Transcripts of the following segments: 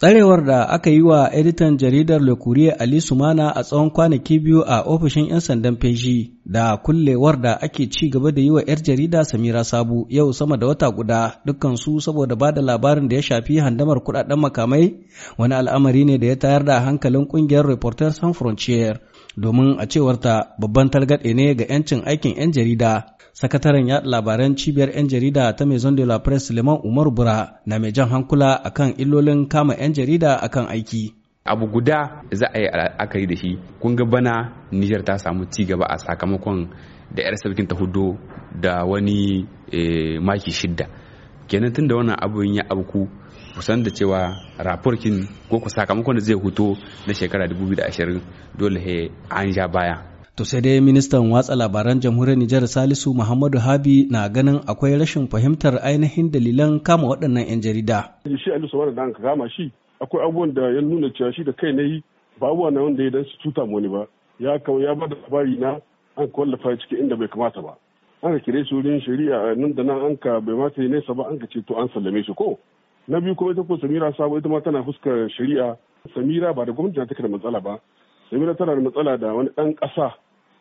Tsarewar da aka yi wa editan jaridar Le Courrier Ali Sumana a tsawon kwanaki biyu a ofishin 'yan sandan feshi da kullewar da ake ci gaba da yi wa 'yar jarida Samira Sabu yau sama da wata guda dukkansu saboda ba da labarin da ya shafi handamar kudaden makamai wani al'amari ne da ya tayar da hankalin kungiyar Reporters Sans Frontières domin a cewarta babban targaɗe ne ga 'yancin aikin 'yan jarida sakataren yaɗa labaran cibiyar 'yan jarida ta maison de la presse suleiman umar bura na mai jan hankula akan illolin kama 'yan jarida akan aiki abu guda za a yi akari da shi kun ga bana nijar ta samu ci gaba a sakamakon da yar sarkin ta hudu da wani eh, maki shidda kenan tun da wannan abu ya abku kusan da cewa raporkin ko ku sakamakon da zai hutu na shekara 2020 dole he an ja baya to sai dai ministan watsa labaran jamhuriyar Nijar Salisu Muhammadu Habi na ganin akwai rashin fahimtar ainihin dalilan kama waɗannan 'yan jarida. Shi Ali Sowara da aka kama shi akwai abubuwan da ya nuna cewa shi da kai na yi ba abubuwa na wanda ya dan su cuta wani ba ya kawo ya ba da labari na an kwallafa cikin inda bai kamata ba. An kire su wurin shari'a nan da nan an ka bai mata nesa ba an ka ce to an sallame su. ko na biyu kuma ita ko samira sabo ita ma tana fuskar shari'a samira ba da gwamnati na take da matsala ba samira tana da matsala da wani ɗan ƙasa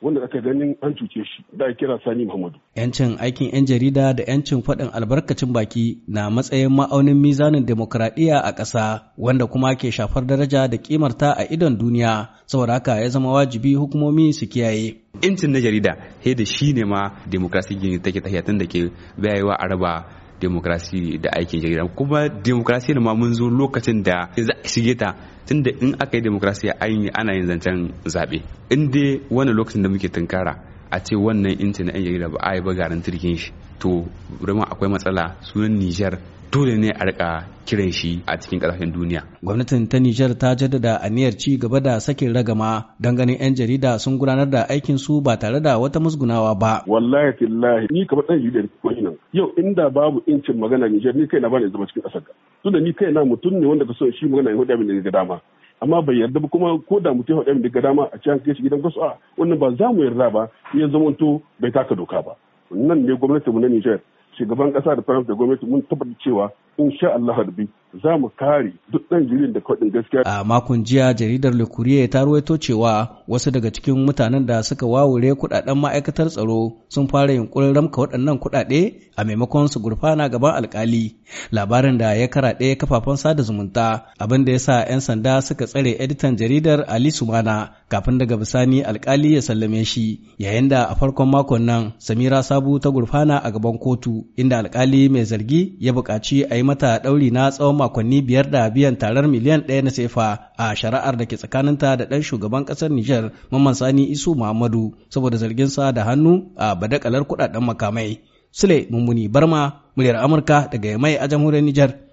wanda aka ganin an cuce shi da a kira sani muhammadu yancin aikin yan jarida da yancin faɗin albarkacin baki na matsayin ma'aunin mizanin demokradiyya a ƙasa wanda kuma ke shafar daraja da kimarta a idon duniya saboda haka ya zama wajibi hukumomi su kiyaye yancin na jarida he da shi ne ma demokrasi gini take tafiya da ke bayewa araba demokrasi da ake jirgin kuma demokrasi ma mun zo lokacin da za a shige ta tunda in aka yi demokrasi ana yin zancen zaɓe in dai wani lokacin da muke tunkara a ce wannan intanet na 'yan da ba a yi ba garin turkin shi to rama akwai matsala sunan nijar dole ne a rika kiran shi a cikin kasashen duniya. Gwamnatin ta Nijar ta jaddada aniyar ci gaba da sakin ragama don ganin 'yan jarida sun gudanar da aikin su ba tare da wata musgunawa ba. Wallahi tillahi ni kamar ɗan jarida ne nan. Yau inda babu incin magana Nijar ni kai na bani zama cikin ƙasar. ka Tunda ni kai na mutum ne wanda ka so shi magana ya hudu abin da dama. amma bai yarda ba kuma ko da mutum ya faɗa daga dama a cikin kai shi gidan kasuwa a wannan ba za mu yarda ba ya zamanto bai taka doka ba nan ne gwamnatin mu na Nijar shugaban kasa da faransa da gwamnati mun tabbata cewa sha Allah harbi za mu kare duk ɗan jirin da kwaɗin gaskiya. A makon jiya jaridar Le Courrier ta ruwaito cewa wasu daga cikin mutanen da suka wawure kuɗaɗen ma'aikatar tsaro sun fara yunkurin ramka waɗannan kuɗaɗe a maimakon su gurfana gaban alƙali Labarin da ya karaɗe kafafen sada zumunta abin da ya sa 'yan sanda suka tsare editan jaridar Ali Sumana kafin daga bisani alƙali ya sallame shi yayin da a farkon makon nan Samira Sabu ta gurfana a gaban kotu inda alƙali mai zargi ya buƙaci a yi mata ɗauri na tsawon makonni biyar da biyan tarar miliyan ɗaya na sefa a shari'ar da ke tsakaninta da ɗan shugaban ƙasar Nijar Mamman Sani Isu Muhammadu saboda zargin sa da hannu a badakalar kuɗaɗen makamai. Sule Mummuni Barma, muryar Amurka daga Yamai a jamhuriyar Nijar.